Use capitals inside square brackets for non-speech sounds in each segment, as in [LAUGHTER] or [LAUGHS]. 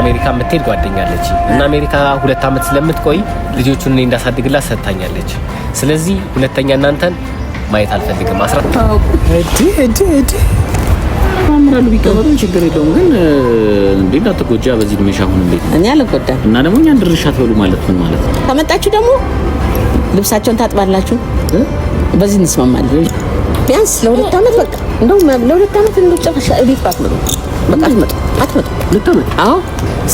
አሜሪካ የምትሄድ ጓደኛለች እና አሜሪካ ሁለት ዓመት ስለምትቆይ ልጆቹን እኔ እንዳሳድግላት ሰጥታኛለች። ስለዚህ ሁለተኛ እናንተን ማየት አልፈልግም። አስራ አምራሉ ቢቀበሉ ችግር የለውም ግን እንዴ እንዳትጎጃ በዚህ ድሜሽ አሁን እንዴ እኔ አልጎዳም። እና ደግሞ እኛ ድርሻ ትበሉ ማለት ምን ማለት ነው? ከመጣችሁ ደግሞ ልብሳቸውን ታጥባላችሁ። በዚህ እንስማማለን። ቢያንስ ለሁለት ዓመት በቃ እንደውም ለሁለት ዓመት እንደጨረሻ ቤት ባትመሩ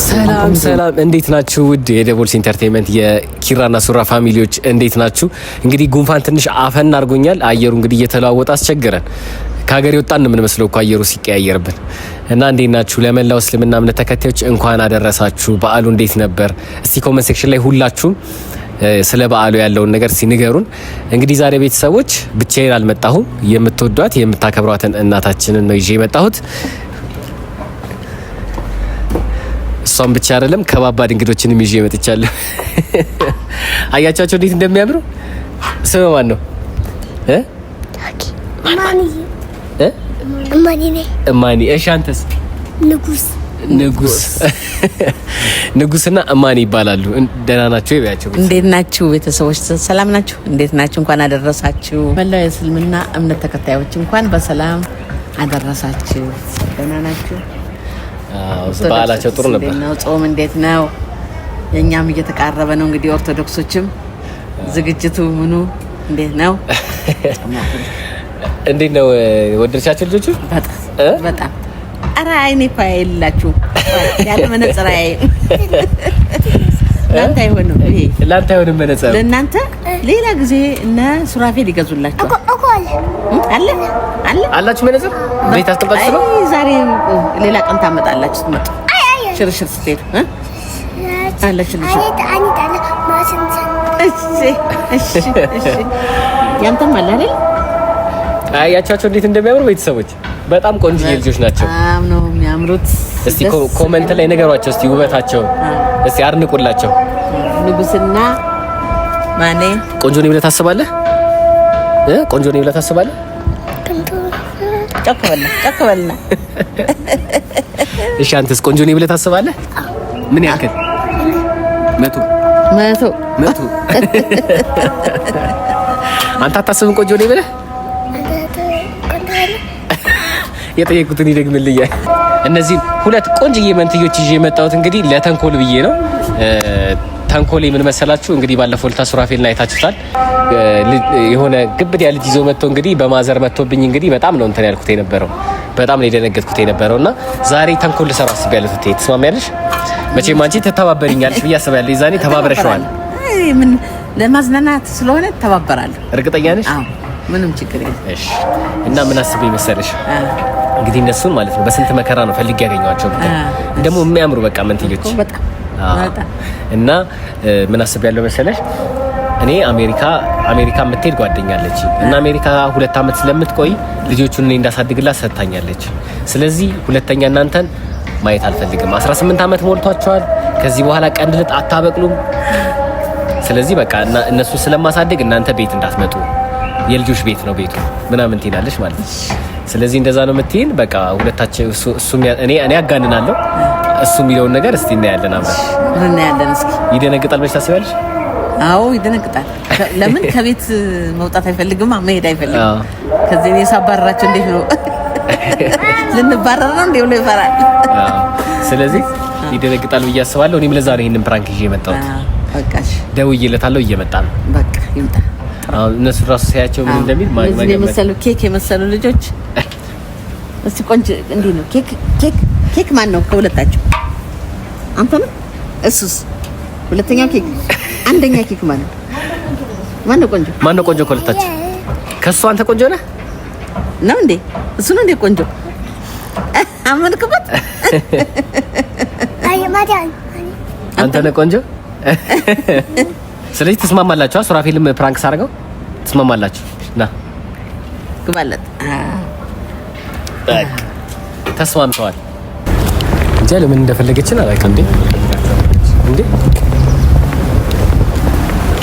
ሰላም ሰላም፣ እንዴት ናችሁ? ውድ የደቦልስ ኢንተርቴንመንት የኪራና ሱራ ፋሚሊዎች እንዴት ናችሁ? እንግዲህ ጉንፋን ትንሽ አፈን አድርጎኛል። አየሩ እንግዲህ እየተለዋወጠ አስቸገረን። ከሀገር የወጣን የምንመስለው እኮ አየሩ ሲቀያየርብን እና እንዴት ናችሁ? ለመላው እስልምና እምነት ተከታዮች እንኳን አደረሳችሁ። በዓሉ እንዴት ነበር? እስቲ ኮመንት ሴክሽን ላይ ሁላችሁም ስለ በዓሉ ያለውን ነገር ሲንገሩን። እንግዲህ ዛሬ ቤተሰቦች ብቻዬን አልመጣሁም። የምትወዷት የምታከብሯትን እናታችንን ነው ይዤ የመጣሁት። እሷን ብቻ አይደለም ከባባድ እንግዶችንም ይዤ መጥቻለሁ። [LAUGHS] አያቻቸው እንዴት እንደሚያምሩ። ስም ማን ነው? እማኒ። እሺ አንተስ? ንጉስ ንጉስ [LAUGHS] ንጉስና እማኒ ይባላሉ። ደህና ናቸው? ይበያቸው። እንዴት ናችሁ ቤተሰቦች? ሰላም ናችሁ? እንዴት ናችሁ? እንኳን አደረሳችሁ። መላው የእስልምና እምነት ተከታዮች እንኳን በሰላም አደረሳችሁ። ደህና ናችሁ? በዓላቸው ጥሩ ነበር። ጾም እንዴት ነው? የእኛም እየተቃረበ ነው እንግዲህ ኦርቶዶክሶችም ዝግጅቱ ምኑ እንዴት ነው? [LAUGHS] እንዴት ነው? ወደድሻቸው ልጆቹ? በጣም ኧረ አይኔ እኮ የላችሁ ያለ መነጽር ለአንተ አይሆንም፣ ይሄ ለአንተ አይሆንም። ለእናንተ ሌላ ጊዜ እነ ሱራፌል ይገዙላቸዋል። አለ አለ አላችሁ ቤት አስቀምጣችሁ ነው። ዛሬ ሌላ ቀን ታመጣላችሁ። ሽርሽር ስትሄዱ አለ ሽርሽር ያንተም አለ አይደል? አያቻቸው እንዴት እንደሚያምሩ ቤተሰቦች፣ በጣም ቆንጆ ልጆች ናቸው። በጣም ነው የሚያምሩት። እስቲ ኮመንት ላይ ነገሯቸው እስቲ ውበታቸውን እስቲ አድንቁላቸው። ንጉስና ማኔ ቆንጆ ነው ብለህ ታስባለህ? ቆንጆ ነው ብለህ ታስባለህ? ጨክበልና እሺ፣ አንተስ ቆንጆ ነው ብለህ ታስባለህ? ምን ያክል መቶ መቶ መቶ አንተ አታስብም? ቆንጆ ነው ብለህ የጠየቁትን ይደግምልኛል። እነዚህ ሁለት ቆንጅዬ መንትዮች ይዤ የመጣሁት እንግዲህ ለተንኮል ብዬ ነው። ተንኮል ምን መሰላችሁ? እንግዲህ ባለፈው ልታ ሱራፌልና አይታችሁታል። የሆነ ግብድ ያ ልጅ ይዞ መጥቶ እንግዲህ በማዘር መጥቶብኝ እንግዲህ በጣም ነው እንትን ያልኩት የነበረው በጣም ነው የደነገጥኩት የነበረው እና ዛሬ ተንኮል ልሰራ አስቤያለሁ። ትቴ ትስማሚያለሽ? መቼም አንቺ ትተባበሪኛለሽ ብዬ አስባለሁ። የዛኔ ተባብረሽዋል። ምን ለማዝናናት ስለሆነ ተባበራለሁ። እርግጠኛ ነሽ? ምንም ችግር የለም። እና ምን አስብ መሰለሽ እንግዲህ እነሱን ማለት ነው በስንት መከራ ነው ፈልግ ያገኘኋቸው። ደግሞ የሚያምሩ በቃ መንትዮች እና ምን አስብ ያለው መሰለሽ እኔ አሜሪካ አሜሪካ የምትሄድ ጓደኛለች እና አሜሪካ ሁለት ዓመት ስለምትቆይ ልጆቹን እኔ እንዳሳድግላት ሰጥታኛለች። ስለዚህ ሁለተኛ እናንተን ማየት አልፈልግም። 18 ዓመት ሞልቷቸዋል። ከዚህ በኋላ ቀንድ ልጥ አታበቅሉም። ስለዚህ በቃ እነሱ ስለማሳድግ እናንተ ቤት እንዳትመጡ የልጆች ቤት ነው ቤቱ ምናምን ትላለች ማለት ነው። ስለዚህ እንደዛ ነው የምትይን። በቃ ሁለታችን እኔ እኔ አጋንናለሁ እሱ የሚለውን ነገር እስቲ እናያለን አብረን እናያለን። እስኪ ይደነግጣል ብለሽ ታስቢያለሽ? አዎ ይደነግጣል። ለምን [LAUGHS] ከቤት መውጣት አይፈልግም፣ መሄድ አይፈልግም። ከዚህ እኔ ሳባረራቸው እንዴት ነው [LAUGHS] ልንባረር ነው እንዴ ብሎ ይፈራል። ስለዚህ ይደነግጣል ብዬ አስባለሁ። እኔም ለዛ ነው ይህንን ፕራንክ ይዤ የመጣሁት። ደውዬለታለሁ፣ እየመጣ ነው። በቃ ይምጣ። እነሱ ራሱ ሲያቸው ምን እንደሚል የመሰሉ ኬክ የመሰሉ ልጆች እስቲ ቆንጆ እንዲህ ነው ኬክ ኬክ ኬክ ማን ነው አንተ ነው እሱስ? ሁለተኛው ኬክ አንደኛ ኬክ ማን ነው? ማን ነው ቆንጆ? ማን ነው ቆንጆ ከእሱ አንተ ቆንጆ ነህ ነው እንዴ? እሱ ነው እንዴ ቆንጆ? አመልክበት አንተ ነህ ቆንጆ። ስለዚህ ትስማማላችኋ? ሱራፌልም ፕራንክ ሳርገው ትስማማላችሁ? ና ግባለት። በቃ ተስማምተዋል። እንጃ ለምን እንደፈለገችን አላውቅም። እንዴ እንዴ!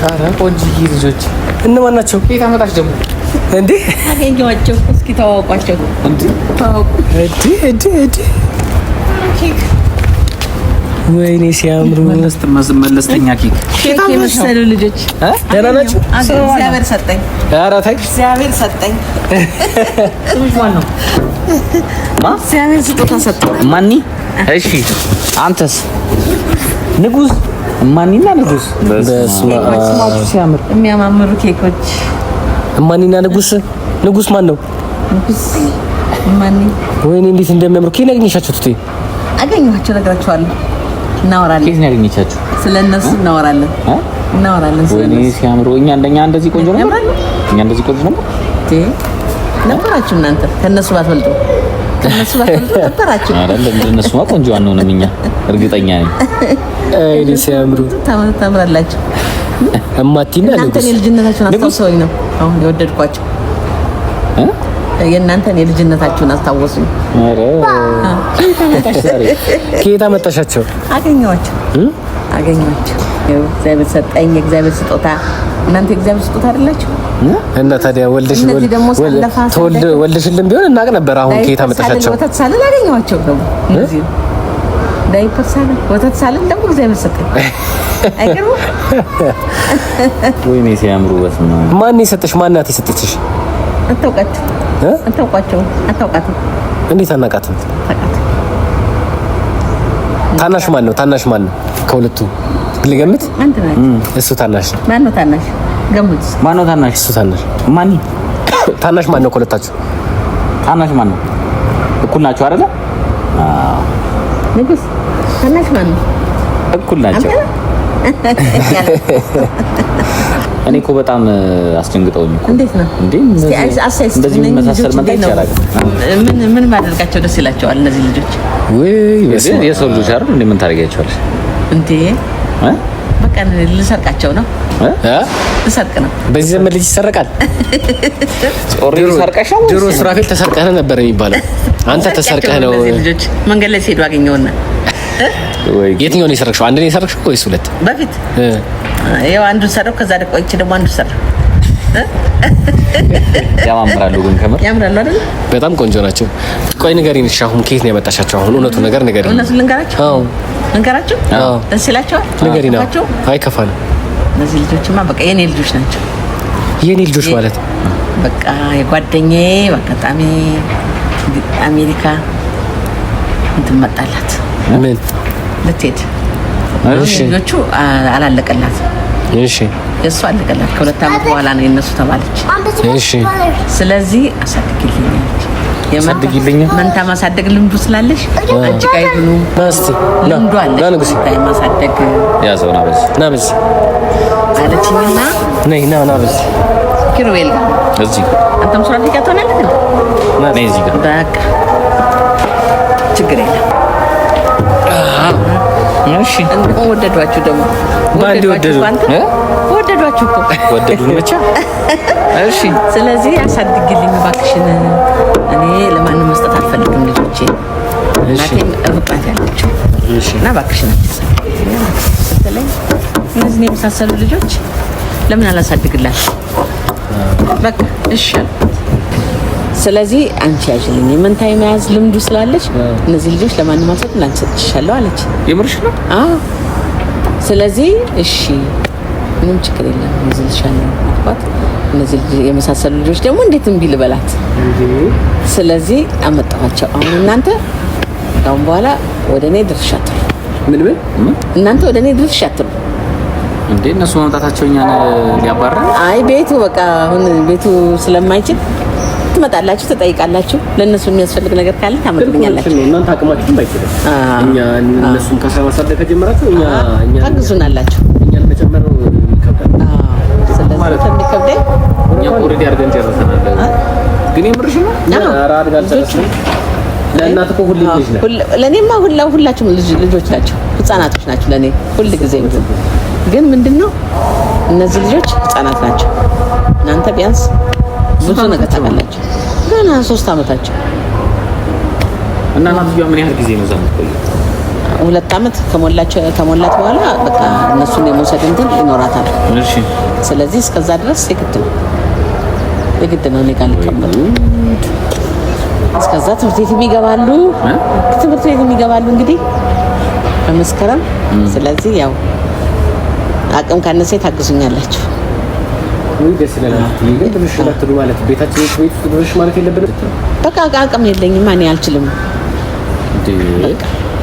ኧረ ቆንጅዬ ልጆች እነማን ናቸው? ቤት አመጣች ደግሞ እንዴ አገኘኋቸው። እስኪ ተዋወቋቸው። እንዴ ተዋወቁ። እንዴ እንዴ እንዴ ወይኔ ሲያምሩ መለስተኛ ኬክ ኬክ የመሰሉ ልጆች ደህና ናቸው። እግዚአብሔር ሰጠኝ። ኧረ ተይ እግዚአብሔር ሰጠኝ። እግዚአብሔር ስጦታ ሰጠኝ። ማኒ እሺ፣ አንተስ ንጉስ ማኒና ንጉስ በስማችሁ ሲያምር የሚያማምሩ ኬኮች ማኒና ንጉስ ንጉስ ማን ነው? ንጉስ ማኒ ወይኔ እንዴት እንደሚያምሩ ኬክ አገኘሻችሁት? አገኘኋቸው፣ እነግራቸዋለሁ እናወራለን። ስለነሱ ነው ያገኘቻችሁ? ስለ እነሱ እናወራለን እናወራለን። ወይኔ ሲያምሩ! እኛ እንደኛ እንደዚህ ቆንጆ ነው። እኛ እንደዚህ ቆንጆ ነው ነበራችሁ እናንተ ከእነሱ ባትበልጡ ከእነሱ ቆንጆ አንሆንም እኛ እርግጠኛ ነኝ። ሲያምሩ ታምራላችሁ። እማቲና ልጅነታችሁን አስታውሰውኝ ነው አሁን የወደድኳቸው የእናንተን የልጅነታችሁን አስታወሱኝ። ከየት አመጣሻቸው? አገኘኋቸው አገኘኋቸው። እግዚአብሔር ሰጠኝ፣ የእግዚአብሔር ስጦታ። እናንተ የእግዚአብሔር ስጦታ አይደላችሁ እና ታዲያ ወልደሽ ወልደሽልን ቢሆን እናቅ ነበር። አሁን ከየት አመጣሻቸው? ወተት ሳልል አገኘኋቸው ዳይፐር ሳልል ወተት ሳልል ደግሞ እግዚአብሔር ሰጠኝ። አይገርምም? [LAUGHS] ወይኔ ሲያምሩ። ማን የሰጠሽ? ማናት የሰጠችሽ? አታውቃትም። አታውቃቸውም። አታውቃትም። እንዴት አናውቃትም? ታናሽ ማን ነው? ታናሽ ማን ነው? ከሁለቱ ልገምት። እሱ ታናሽ ማን ነው? ታናሽ ገምት። ማን ነው ታናሽ? እሱ ታናሽ ማን ታናሽ ማን ነው? ከሁለታችሁ ታናሽ ማን ነው? እኩል ናቸው አይደለ? ንጉስ፣ ታናሽ ማን ነው? እኩል ናቸው። [LAUGHS] እኔ እኮ በጣም አስደንግጠውኝ እኮ እንዴት ነው እንዴ? እንደዚህ መጣ ምን ምን ደስ ይላቸዋል እነዚህ ልጆች? ወይ የሰው ልጅ አይደል እንዴ? ምን ታደርጊያቸዋለሽ እንዴ? ልሰርቃቸው ነው በዚህ ዘመን ልጅ ይሰርቃል። [LAUGHS] ድሮ ሱራፌል ተሰርቀህ ነበር የሚባለው፣ አንተ ተሰርቀህ ነው። ላይ ሲሄዱ የትኛው ነው የሰረቅሽው? አንድ ነው የሰረቅሽው ወይስ ሁለት? በፊት ያው አንዱ ሰረቅ፣ ከዛ ደግሞ ቆይቼ ደግሞ አንዱ ሰረቅ። [LAUGHS] ያማምራሉ ግን ከምር ያምራሉ አይደል? በጣም ቆንጆ ናቸው። ቆይ ንገሪን እሺ፣ አሁን ከየት ነው ያመጣሻቸው? አሁን እውነቱን ነገር ንገሪን። እውነቱን ልንገራቸው? አዎ ልንገራቸው። አዎ ደስ ይላቸዋል። ንገሪን። አዎ አይከፋንም። እነዚህ ልጆችማ በቃ የኔ ልጆች ናቸው። የኔ ልጆች ማለት በቃ የጓደኛዬ በአጋጣሚ አሜሪካ እንትን መጣላት ምን ልትሄድ ልጆቹ አላለቀላት። እሺ የእሱ አለቀላት። ከሁለት ዓመት በኋላ ነው የነሱ ተባለች። እሺ ስለዚህ አሳድግልኝ ያሳድግልኝ መንታ ማሳደግ ልምዱ ስላለሽ አንቺ ጋር ይሁኑ። ማስቲ ልምዱ አለ ለንጉስ ታይ ማሳደግ ያዘው ና በዚህ ና በዚህ አለችኝና ነይ ና ና በዚህ ኪሩቤል እዚህ አንተም ስራ ሊቃ ትሆናለህ። ና ነይ እዚህ ጋር በቃ ችግር የለም። እሺ እንደውም ወደዷችሁ ደግሞ ወደዷችሁ እኮ ወደዱን ብቻ። [LAUGHS] እሺ ስለዚህ ያሳድግልኝ እባክሽን። እኔ ለማንም መስጠት አልፈልግም ልጆቼ። እናቴም የመሳሰሉ ልጆች ለምን አላሳድግላችሁ? በቃ እሺ አልኩት። ስለዚህ አንቺ ያዥልኝ መንታ የመያዝ ልምዱ ስላለች እነዚህ ልጆች ለማንም አልሰጥም ላንቺ ሰጥሻለሁ አለች። የምርሽ ነው? አዎ። ስለዚህ እሺ ምንም ችግር የለም እነዚህ ልሻለሁ አልኳት። እነዚህ የመሳሰሉ ልጆች ደግሞ እንዴት እምቢ ልበላት? ስለዚህ አመጣኋቸው። አሁን እናንተ ካሁን በኋላ ወደ እኔ ድርሽ አትሉ። ምን ምን እናንተ ወደ እኔ ድርሽ አትሉ እንዴ? እነሱ መምጣታቸው እኛን ሊያባርር አይ ቤቱ በቃ አሁን ቤቱ ስለማይችል ትመጣላችሁ፣ ትጠይቃላችሁ። ለእነሱ የሚያስፈልግ ነገር ካለ ታመጡልኛላችሁ። እናንተ አቅማችሁም አይችልም። እኛ እነሱን ማሳደግ ከጀመራችሁ እኛ እኛ ታግዙናላችሁ። እኛን መጨመር ይከብዳል። ስለዚህ ከሚከብደኝ እኛ ኦልሬዲ አድርገን ጨርሰናል። ግን የምርሽ ነው ኧረ ለእናት እኮ ልጅ ለእኔማ ሁላ ሁላችሁም ልጆች ናቸው፣ ህጻናቶች ናቸው ለእኔ ሁል ጊዜ። ግን ምንድን ነው እነዚህ ልጆች ህፃናት ናቸው። እናንተ ቢያንስ ብዙ ነገር ታውቃላችሁ። ገና ሶስት አመታቸው እና እናትዬዋ ምን ያህል ጊዜ ነው እዛ የምትቆየው? ሁለት አመት ከሞላቸው ከሞላት በኋላ በቃ እነሱን የመውሰድ እንትን ይኖራታል። እሺ። ስለዚህ እስከዛ ድረስ የግድ ነው የግድ ነው እኔ ጋር ሊቀመጡ እስከዛ ትምህርት ቤት የሚገባሉ ትምህርት ቤት የሚገባሉ እንግዲህ በመስከረም። ስለዚህ ያው አቅም ካነሰ ታግዙኛላችሁ። ወይ ደስ ይላል። ግን ማለት ቤታችን ውስጥ ማለት የለብንም። በቃ አቅም የለኝም፣ እኔ አልችልም።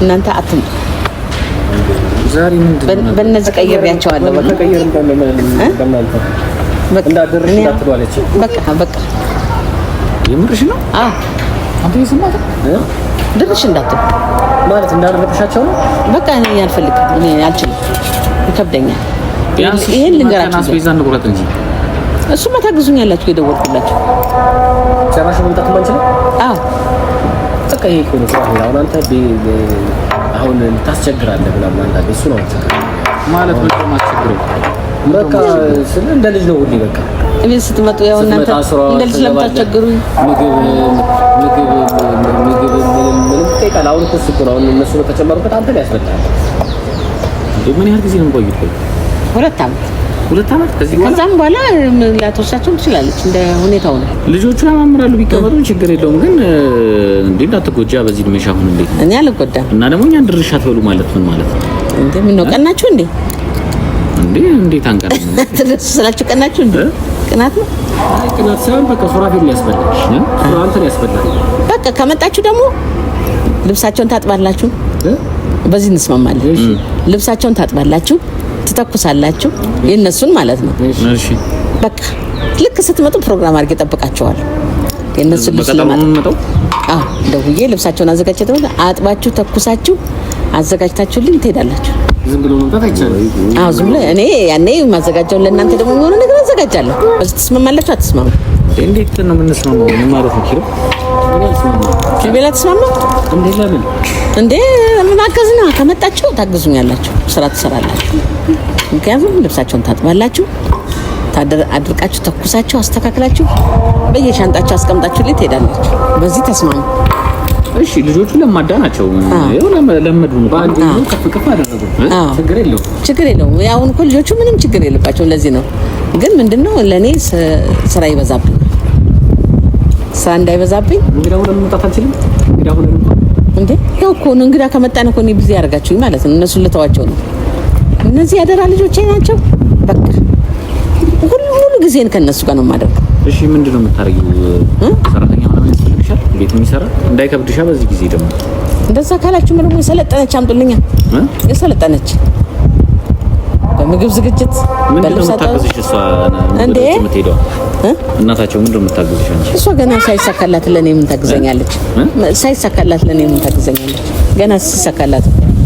እናንተ አትምጡ። በእነዚህ ቀይሬያቸዋለሁ። በቃ በቃ የምርሽ ነው። አንተ የሰማት ድርሽ እንዳትል ማለት እንዳደረግሻቸው ነው። በቃ እኔ አልፈልግም፣ እኔ አልችልም፣ ይከብደኛል። ይሄን እንጂ እሱማ ያላችሁ የደወልኩላችሁ ጨራሽ መምጣት ማንችለው። አዎ በቃ ይሄ ስራ ነው። አሁን አንተ አሁን ልታስቸግራለህ ምናምን አንዳንዴ እሱ ነው ማለት በጣም አስቸግረው በቃ ስለ እንደ ልጅ ነው ሁሌ በቃ እኔ ስትመጡ ያው እናንተ እንደ ልጅ ለምታስቸግሩኝ ምግብ ምግብ ምግብ ምንም ምንም ይጠይቃል። አሁን እኮ እሱ እኮ ነው አሁን እነሱ በተጨመሩበት አንተ ላይ ያስበላል። ምን ያህል ጊዜ ነው ቆይቶ? ሁለት አመት ሁለት አመት ከዚህ ከዛም በኋላ ላትወስዳቸውም ትችላለች። እንደ ሁኔታው ነው። ልጆቹ ያማምራሉ፣ ቢቀመጡ ችግር የለውም። ግን እንዴ እንዳትጎጃ በዚህ እድሜሽ አሁን እንዴት እኔ አልጎዳም። እና ደግሞ እኛን ድርሻ ትበሉ ማለት ምን ማለት ነው? እንዴ ምን ነው ቀናችሁ እንዴ? እንዴ እንዴት አንቀር [LAUGHS] ስላችሁ ቀናችሁ እንዴ? ቅናት ነው ቅናት ሳይሆን በቃ ሱራፌል ሊያስበላሽ ነው። ሱራንተን በቃ ከመጣችሁ ደግሞ ልብሳቸውን ታጥባላችሁ። በዚህ እንስማማለን። ልብሳቸውን ታጥባላችሁ ትተኩሳላችሁ፣ የእነሱን ማለት ነው። እሺ በቃ ልክ ስትመጡ ፕሮግራም አድርጌ ጠብቃቸዋል። የእነሱን ልብስ ለማጠብ ደውዬ ልብሳቸውን አዘጋጅተው አጥባችሁ ተኩሳችሁ አዘጋጅታችሁልኝ ትሄዳላችሁ። ዝም ብሎ አዎ ዝም ብሎ እኔ ያኔ ማዘጋጀውን ለእናንተ ደግሞ የሚሆነ ነገር አዘጋጃለሁ። በዚህ ትስማማላችሁ አትስማሙ? እንዴት ነው የምንስማማው? ምን ማለት ነው? ኪሎ ኪቤላ ተስማማ እንዴ? ለምን እንዴ ምን ማገዝና ከመጣችሁ ታግዙኛላችሁ፣ ስራ ትሰራላችሁ። ምክንያቱም ልብሳቸውን ታጥባላችሁ፣ አድርቃችሁ፣ ተኩሳችሁ፣ አስተካክላችሁ በየሻንጣችሁ አስቀምጣችሁ ላይ ትሄዳላችሁ። በዚህ ተስማሙ። እሺ ልጆቹ ለማዳ ናቸው። ለመዱ በአንድ ከፍ ከፍ አደረጉ። ችግር የለው ችግር የለው። አሁን እኮ ልጆቹ ምንም ችግር የለባቸው። ለዚህ ነው ግን ምንድነው ለእኔ ስራ ይበዛብኝ። ስራ እንዳይበዛብኝ እንግዳ ሁሉ መምጣት አልችልም። እንግዳ ሁሉ እንዴ ያው እኮ እንግዳ ከመጣን እኮ እኔ ብዙ ያደርጋችሁኝ ማለት ነው። እነሱን ልተዋቸው ነው እነዚህ ያደራ ልጆቼ ናቸው። በቃ ሁሉ ሁሉ ጊዜን ከነሱ ጋር ነው የማደርገው። እሺ ምንድን ነው የምታደርጊው? ሰራተኛ ምናምን ያስፈልግሻል? ቤት የሚሰራ እንዳይከብድሻ። በዚህ ጊዜ ደግሞ እንደዛ ካላችሁ ምንም የሰለጠነች አምጡልኛ። የሰለጠነች በምግብ ዝግጅት በልብስ እናታቸው ምንድን ነው የምታግዝሽ እሷ ገና ሳይሳካላት ምን ታግዘኛለች? ሳይሳካላት ምን ታግዘኛለች? ገና ሲሳካላት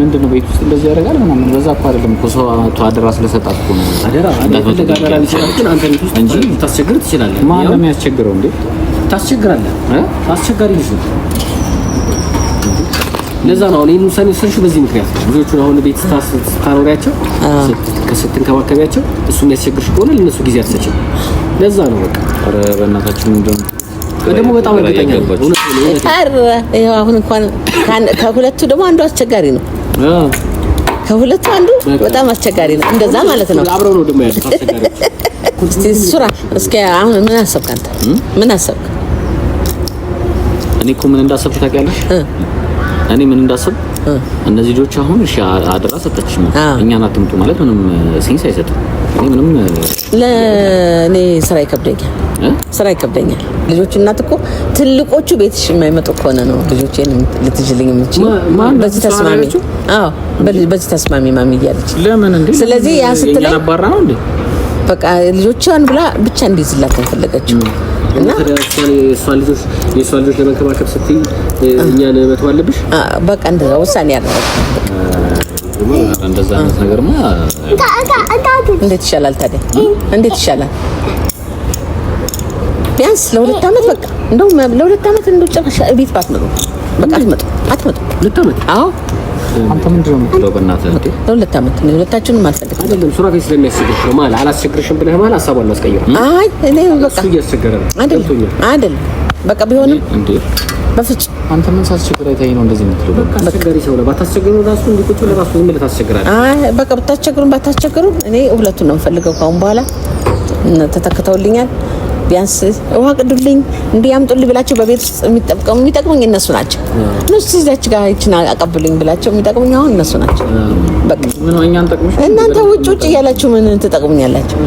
ምንድን ነው ቤት ውስጥ እንደዚህ ያደርጋል ምናምን። በዛ እኮ አይደለም እኮ ሰው አደራ ስለሰጣት እኮ ነው። አደራ እንጂ ታስቸግር ትችላለህ። ማን ነው የሚያስቸግረው እንዴ? ታስቸግራለህ። አስቸጋሪ ልጅ ነው። ለዛ ነው አሁን ይህን ውሳኔ ወሰንሽው በዚህ ምክንያት ነው። ልጆቹን አሁን ቤት ስታኖሪያቸው፣ ስትንከባከቢያቸው እሱ የሚያስቸግርሽ ከሆነ ለነሱ ጊዜ አትሰጭም። ለዛ ነው በቃ። በእናታችን በእናታችሁ ደግሞ በጣም እርግጠኛ ነው። አሁን እንኳን ከሁለቱ ደግሞ አንዱ አስቸጋሪ ነው። ከሁለቱ አንዱ በጣም አስቸጋሪ ነው። እንደዛ ማለት ነው። አብረው ነው ደግሞ ያለው አስቸጋሪ። እስቲ ሱራ፣ እስኪ አሁን ምን አሰብክ አንተ? ምን አሰብክ? እኔ እኮ ምን እንዳሰብክ ታውቂያለሽ? እኔ ምን እንዳሰብ እነዚህ ልጆች አሁን እሺ፣ አደራ ሰጠች እኛን አትምጡ ማለት ምንም ሲንስ አይሰጥም። ምንም ለእኔ ስራ ይከብደኛል፣ ስራ ይከብደኛል። ልጆቹ እናት እኮ ትልቆቹ ቤትሽ የማይመጡ ከሆነ ነው ልጆቼን ልትጅልኝ የምችል በዚህ ተስማሚ አዎ፣ በዚህ ተስማሚ ማሚ እያለች ለምን እንዴ? ስለዚህ ያ ስትለኝ በቃ ልጆቿን ብላ ብቻ እንዲይዝላት ፈለገችው። እና የእሷ ልጆች ለመንከባከብ ስትይ እኛን መተው አለብሽ። በቃ እንደዛ ውሳኔ ያደረግ እንደዛ አይነት ነገርማ እንዴት ይሻላል ታዲያ? እንዴት ይሻላል? ቢያንስ ለሁለት ዓመት በቃ እንደው ለሁለት ዓመት እንደው ጭራሽ ቤት ባትመጡ በቃ አትመጡ አትመጡ። አዎ አንተ ምንድን ነው የምትለው? በእናትህ ለሁለት ዓመት ሁለታችሁንም አልፈልግም። አይደለም ሱራፌ ስለሚያስቸግርሽ ነው ማለት አላስቸግርሽም ብለህ ማለት ሀሳቧን አስቀይረው። አይ እኔ በቃ እሱ እያስቸገረ ነው። አይደለም አይደለም በቃ ቢሆንም በፍጹም አንተ ምን ሳስቸግር አይተኸኝ ነው እንደዚህ የምትለው? በቃ ባታስቸግሩ ራሱ እንዲቁጭ ለራሱ ዝም ብለህ ታስቸግራለህ። አይ በቃ ብታስቸግሩም ባታስቸግሩም እኔ ሁለቱን ነው የምፈልገው። ካሁን በኋላ ተተክተውልኛል። ቢያንስ ውሃ ቅዱልኝ እንዲህ ያምጡልኝ ብላቸው በቤት ውስጥ የሚጠቅሙ የሚጠቅሙኝ እነሱ ናቸው። እነሱ እዛች ጋር ይችን አቀብልኝ ብላቸው የሚጠቅሙኝ አሁን እነሱ ናቸው። በቃ እናንተ ውጭ ውጭ እያላችሁ ምን ትጠቅሙኛላችሁ?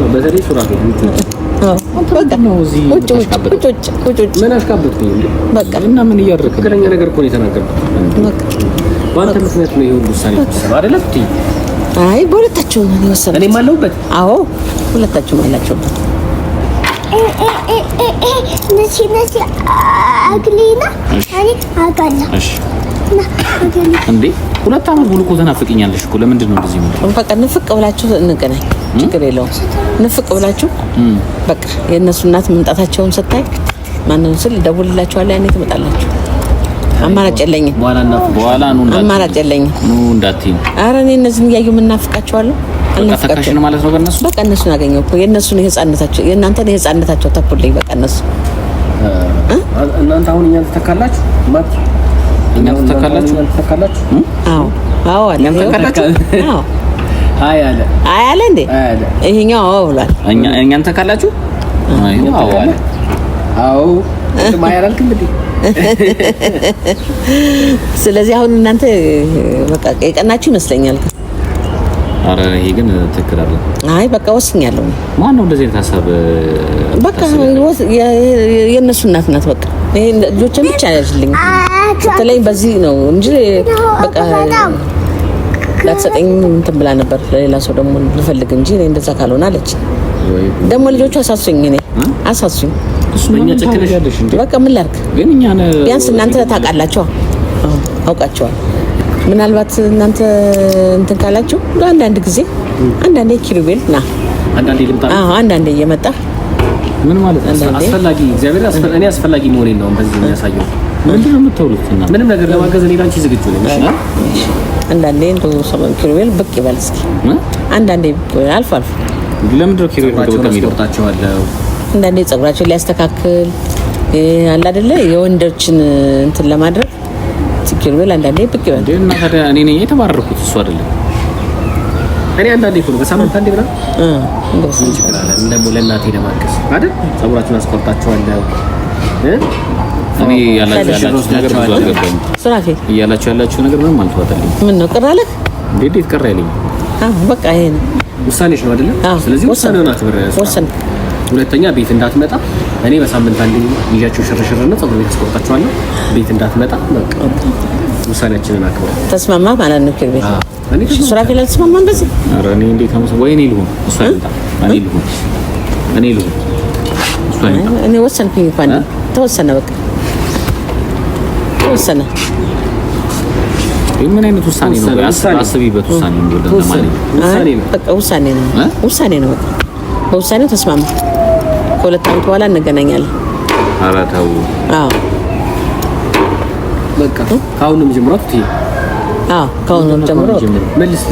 አይ በሁለታችሁ ነው የወሰነው። እኔም አለሁበት። አዎ ሁለታችሁም አላችሁበት። ነሲ ነሲ አግሊና እኔ አውቃለሁ። እንዴ ሁለት አመት ሙሉ እኮ ተናፍቅኛለሽ እኮ። ለምንድን ነው እንደዚህ የምትለው? በቃ ንፍቅ ብላችሁ እንገናኝ፣ ችግር የለውም። ንፍቅ ብላችሁ በቃ የእነሱ እናት መምጣታቸውን ስታይ ማንን ስል ደውልላችኋለሁ፣ ያኔ ትመጣላችሁ። አማራጭ የለኝም፣ አማራጭ የለኝም። ኧረ እኔ እነዚህን እያየሁ የምናፍቃቸዋለሁ። አልናፍቃቸውም ማለት ነው። በእነሱ በቃ እነሱን አገኘሁ እኮ የእነሱን የህፃንነታቸው የእናንተን የህፃንነታቸው ተኩልኝ። በቃ እነሱ እናንተ አሁን እኛን ትተካላችሁ እኛም ትተካላችሁ። አዎ አዎ አለ። እኛም ትተካላችሁ። [LAUGHS] አዎ አይ አለ አይ አለ እንዴ ይሄኛው አዎ ብሏል። እኛ እኛም ትተካላችሁ። አይ አዎ አለ አዎ ማያላልክ እንግዲህ [LAUGHS] ስለዚህ አሁን እናንተ በቃ የቀናችሁ ይመስለኛል። አረ ይሄ ግን ትክክል አለ። አይ በቃ ወስኛለሁ። ማን ነው እንደዚህ አይነት ሀሳብ? በቃ የእነሱ እናት ናት። በቃ ይሄ ልጆችን ብቻ ያጅልኝ በተለይ በዚህ ነው እንጂ በቃ ላትሰጠኝ እንትን ብላ ነበር። ለሌላ ሰው ደግሞ ልፈልግ እንጂ እኔ እንደዛ ካልሆነ አለች። ደግሞ ልጆቹ አሳሱኝ፣ እኔ አሳሱኝ። በቃ ምን ላድርግ? ቢያንስ እናንተ ታውቃላቸዋ፣ አውቃቸዋል። ምናልባት እናንተ እንትን ካላችሁ አንዳንድ ጊዜ አንዳንዴ ኪሩቤል ና አንዳንዴ እየመጣ ምን ማለት አስፈላጊ እግዚአብሔር እኔ አስፈላጊ መሆኔን ነው በዚህ የሚያሳየው ምንድን ነው የምታውሉት? ምንም ነገር ለማገዝ እኔ ላንቺ ዝግጁ ነኝ። እሺ አንዳንዴ እንደው ሰሞን ኪሩቤል ብቅ ይበል እስኪ። አንዳንዴ አልፎ አልፎ ለምንድን ነው ኪሩቤል ብቅ የሚለው? አንዳንዴ ጸጉራቸውን ሊያስተካክል አለ አይደለ? የወንዶችን እንትን ለማድረግ ትክክል ኪሩቤል አንዳንዴ ብቅ ይበል። እና ታዲያ እኔ ነኝ የተባረኩት እሱ አይደለም። እኔ አንዳንዴ እኮ ነው በሳምንት አንዴ ብላ ለእናቴ ለማገዝ አይደል? ጸጉራችሁን አስቆርጣችኋለሁ እኔ እያላችሁ ያላችሁ ነገር ምንም አልተዋጠልኝ። ምን ነው ቅር አለህ? እንዴት ቅር በቃ ይሄ ነው ውሳኔሽ ነው አይደለ? ስለዚህ ውሳኔውን አክብር። ሁለተኛ ቤት እንዳትመጣ እኔ በሳምንት አንድ ይዣችሁ ሽርሽር እና ጸጉር ቤት አስቆርጣቸዋለሁ። ቤት እንዳትመጣ በቃ ውሳኔያችንን አክብር። ተስማማ ማለት ነው ክብር ሱራፌል አልተስማማም በዚህ እኔ እንዴት ወይ እኔ ልሁን እኔ ልሁን እኔ ልሁን እሱ እኔ ወሰንኩኝ እንኳን ተወሰነ በቃ ተወሰነ። ምን አይነት ውሳኔ ነው? አስቢበት። ውሳኔ ነው ውሳኔ ነው። በውሳኔው ተስማማ። ከሁለት አመት በኋላ እንገናኛለን። አላታው አዎ፣ በቃ ከአሁኑ ጀምሮ ትይ። አዎ፣ ከአሁኑ ጀምሮ መልስ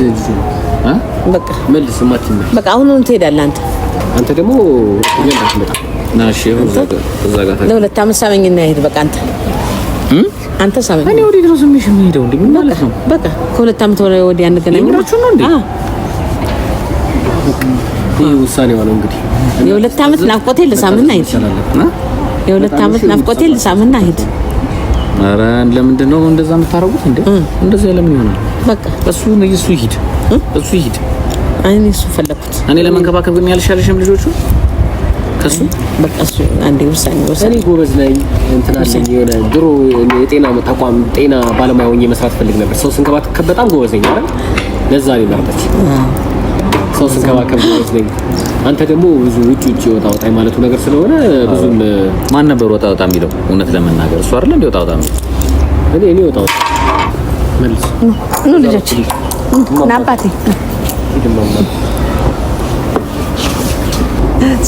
በቃ መልስ ማትይ። በቃ አሁኑ ትሄዳለህ አንተ አንተ ደግሞ ለሁለት ዓመት እና ይሄድ በቃ አንተ አንተ ሳበ እኔ ወዴት ነው ዝምሽ የሚሄደው? እንዴ ምን ማለት ነው? በቃ ከሁለት ዓመት ወዲያ ወዲያ አንገናኝም ነው እንዴ? ይሄ ውሳኔዋ ነው እንግዲህ። የሁለት ዓመት ናፍቆቴ ልሳምና ሂድ። የሁለት ዓመት ናፍቆቴ ልሳምና ሂድ። ኧረ ለምንድን ነው እንደዛ የምታረጉት እንዴ? እንደዛ ለምን ይሆናል? በቃ እሱ ነው እሱ ይሂድ፣ እሱ ይሂድ። እኔ እሱ ፈለኩት። እኔ ለመንከባከብ ግን ያልሻለሽም ልጆቹ እሱ በቃ አንዴ ውሳኔ ወሰነ። እኔ ጎበዝ ነኝ እንትና የሆነ ድሮ የጤና ተቋም ጤና ባለሙያ ሆኜ መስራት ፈልግ ነበር። ሰው ስንከባከብ በጣም ጎበዝ ነኝ አይደል? ለዛ ነው መረጠች። ሰው ስንከባከብ ጎበዝ ነኝ። አንተ ደግሞ ብዙ ውጭ ውጭ ወጣ ወጣ ማለቱ ነገር ስለሆነ ብዙም ማን ነበር ወጣ ወጣ የሚለው? እውነት ለመናገር እሱ አይደለም ወጣ ወጣ የሚለው እኔ እኔ ወጣ ወጣ መልስ ነው ልጆች ናባቴ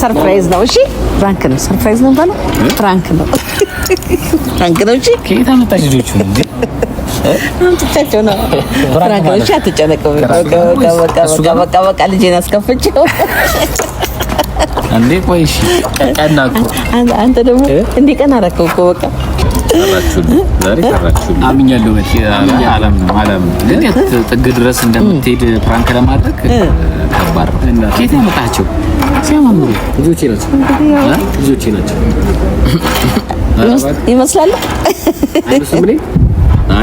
ሰርፕራይዝ ነው። እሺ ፍራንክ ነው። ሰርፕራይዝ ነው ባለ ፍራንክ ነው። ፍራንክ ነው። እሺ ከየት አመጣሽ ልጆቹ? እንዴ አምጥቻቸው ነው። ፍራንክ ነው። እሺ በቃ በቃ በቃ ልጄን አስከፍቼው ቆይ። እሺ ቀና እኮ አንተ ደግሞ እንዴ ቀና አደረከው እኮ በቃ ጥግ ድረስ እንደምትሄድ ፕራንክ ለማድረግ ከባድ ነው። ኬት ያመጣቸው ሲያማምሩ ልጆቼ ናቸው፣ ልጆቼ ናቸው ይመስላሉ።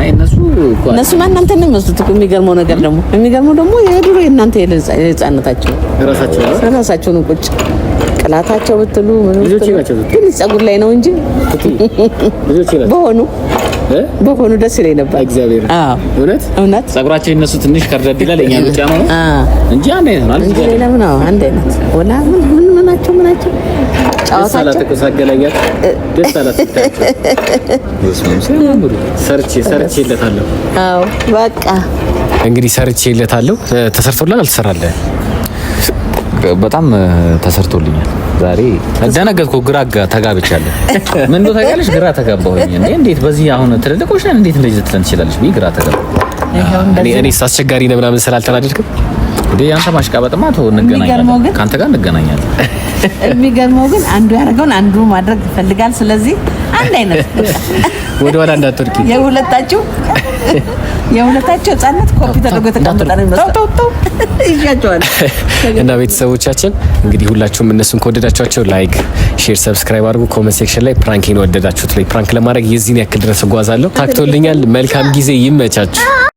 እነሱ እነሱ እናንተ ነው የሚመስሉት። የሚገርመው ነገር ደግሞ የሚገርመው ደግሞ የድሮ የእናንተ የህፃንነታቸው ራሳቸው ራሳቸውን ቁጭ ጥላታቸው ብትሉ ግን ጸጉር ላይ ነው እንጂ በሆኑ በሆኑ ደስ ይለኝ ነበር። እግዚአብሔር እውነት እውነት ጸጉራቸው ይነሱ ትንሽ ከርደድ ይላል፣ እኛ ብቻ ነው እንጂ አንድ አይነት ነው እንጂ ሌላ ምን ነው አንድ አይነት ወላ ምን ምን ምናቸው ምናቸው ጨዋታቸው ደስ አላት። ሰርቼ ሰርቼ ይለታለሁ። አዎ በቃ እንግዲህ ሰርቼ ይለታለሁ። ተሰርቶላል አልተሰራለ በጣም ተሰርቶልኛል። ዛሬ ደነገጥኩ፣ ግራ ተጋብቻለሁ። [LAUGHS] ምን ነው ታውቂያለሽ? ግራ ተጋባሁኝ። እንዴት በዚህ አሁን ትልልቆች ነን እንዴት እንደዚህ ልትለን ትችላለሽ? ቢ ግራ ተጋባ። እኔ አስቸጋሪ ነው ምናምን ስላልተናደድክም እንዴ? አንተ ማሽቃበጥማ ተው፣ እንገናኛለን። ከአንተ ጋር እንገናኛለን። [LAUGHS] የሚገርመው ግን አንዱ ያደረገውን አንዱ ማድረግ ይፈልጋል። ስለዚህ አንድ አይነት ወደ ኋላ እንዳትወድቂ። የሁለታችሁ የሁለታችሁ ህጻነት ኮፒ ተደርጎ የተቀመጠ ነው የሚመስለው። እና ቤተሰቦቻችን እንግዲህ ሁላችሁም እነሱን ከወደዳችኋቸው ላይክ፣ ሼር፣ ሰብስክራይብ አድርጉ። ኮመንት ሴክሽን ላይ ፕራንኬን ወደዳችሁት ላይ ፕራንክ ለማድረግ የዚህን ያክል ድረስ እጓዛለሁ። ታክቶልኛል። መልካም ጊዜ ይመቻችሁ።